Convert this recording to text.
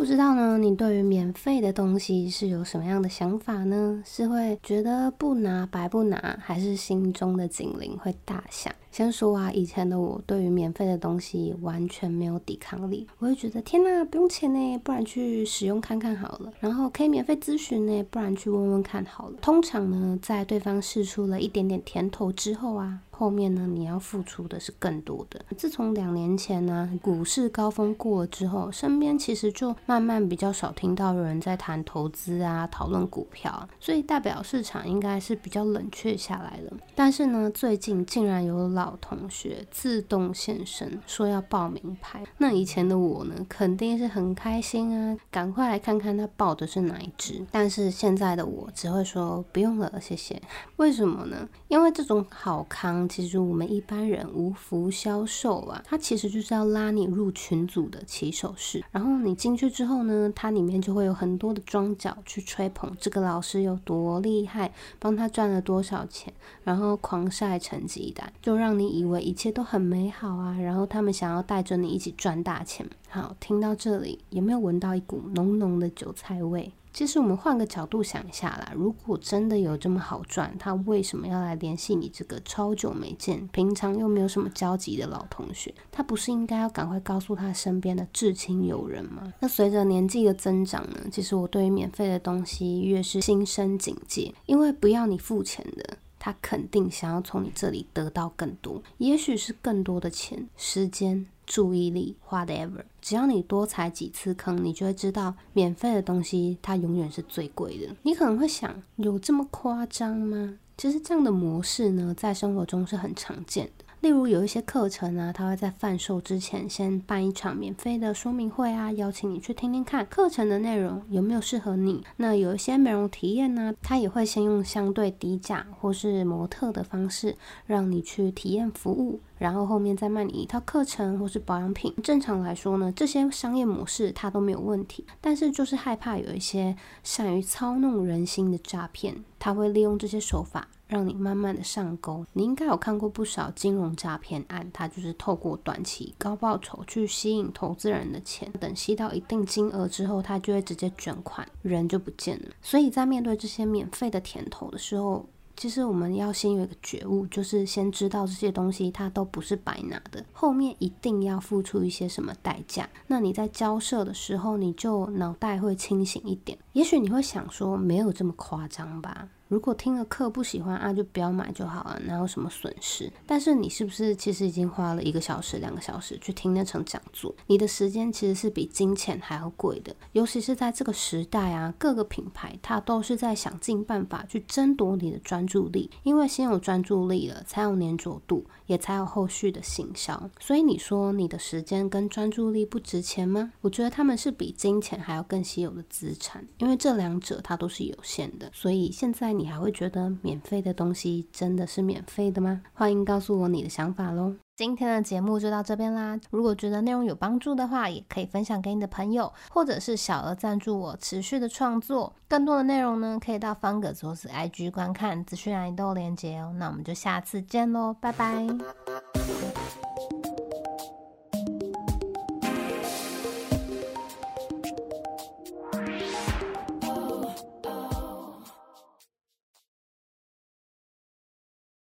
不知道呢，你對於免費的東西是有什麼樣的想法呢？是會覺得不拿白不拿，還是心中的警鈴會大響？先說啊，以前的我對於免費的東西完全沒有抵抗力，我會覺得天哪，不用錢呢，不然去使用看看好了。然後可以免費諮詢呢，不然去問問看好了。通常呢，在對方試出了一點點甜頭之後啊，後面呢，你要付出的是更多的。自從兩年前呢，股市高峰過了之後，身邊其實就慢慢比較少聽到有人在談投資啊，討論股票，所以代表市場應該是比較冷卻下來了。但是呢，最近竟然有老。老同學自動現身說要報明牌，那以前的我呢，肯定是很開心啊，趕快來看看他報的是哪一支。但是現在的我只會說不用了，謝謝。為什麼呢？因為這種好康其實我們一般人無福消受啊，他其實就是要拉你入群組的起手式。然後你進去之後呢，它裡面就會有很多的樁腳去吹捧這個老師有多厲害，幫他賺了多少錢，然後狂曬成績單，就讓。讓你以為一切都很美好啊，然後他們想要帶着你一起賺大錢。好，聽到這裡，有沒有聞到一股濃濃的韭菜味？其實我們換個角度想一下啦，如果真的有這麼好賺，他為什麼要來聯繫你這個超久沒見、平常又沒有什麼交集的老同學？他不是應該要趕快告訴他身邊的至親友人嗎？那隨着年紀的增長呢，其實我對於免費的東西越是心生警戒，因為不要你付錢的。他肯定想要從你這裡得到更多，也許是更多的錢、時間、注意力，whatever。只要你多踩幾次坑，你就會知道，免費的東西它永遠是最貴的。你可能會想，有這麼誇張嗎？其實這樣的模式呢，在生活中是很常見的。例如有一些課程啊，他會在販售之前先辦一場免費的說明會啊，邀請你去聽聽看課程的內容有沒有適合你。那有一些美容體驗呢、啊，他也會先用相對低價或是模特的方式讓你去體驗服務，然後後面再賣你一套課程或是保養品。正常來說呢，這些商業模式它都沒有問題，但是就是害怕有一些善於操弄人心的詐騙，他會利用這些手法。讓你慢慢的上鈎。你應該有看過不少金融詐騙案，它就是透過短期高報酬去吸引投資人的錢，等吸到一定金額之後，它就會直接捲款，人就不見了。所以在面對這些免費的甜頭的時候，其實我們要先有一個覺悟，就是先知道這些東西它都不是白拿的，後面一定要付出一些什麼代價。那你在交涉的時候，你就腦袋會清醒一點。也許你會想說，沒有這麼誇張吧？如果聽了課不喜歡啊，就不要買就好了，啊，哪有什麼損失？但是你是不是其實已經花了一個小時、兩個小時去聽那場講座？你的時間其實是比金錢還要貴的，尤其是在這個時代啊，各個品牌它都是在想盡辦法去爭奪你的專注力，因為先有專注力了，才有粘着度，也才有後續的行銷。所以你說你的時間跟專注力不值錢嗎？我覺得他們是比金錢還要更稀有的資產，因為這兩者它都是有限的，所以現在。你還會覺得免費的東西真的是免費的嗎？歡迎告訴我你的想法咯。今天的節目就到這邊啦。如果覺得內容有幫助的話，也可以分享給你的朋友，或者是小額贊助我持續的創作。更多的內容呢，可以到方格子 IG 觀看，資訊也都連接哦。那我們就下次見嘍，拜拜。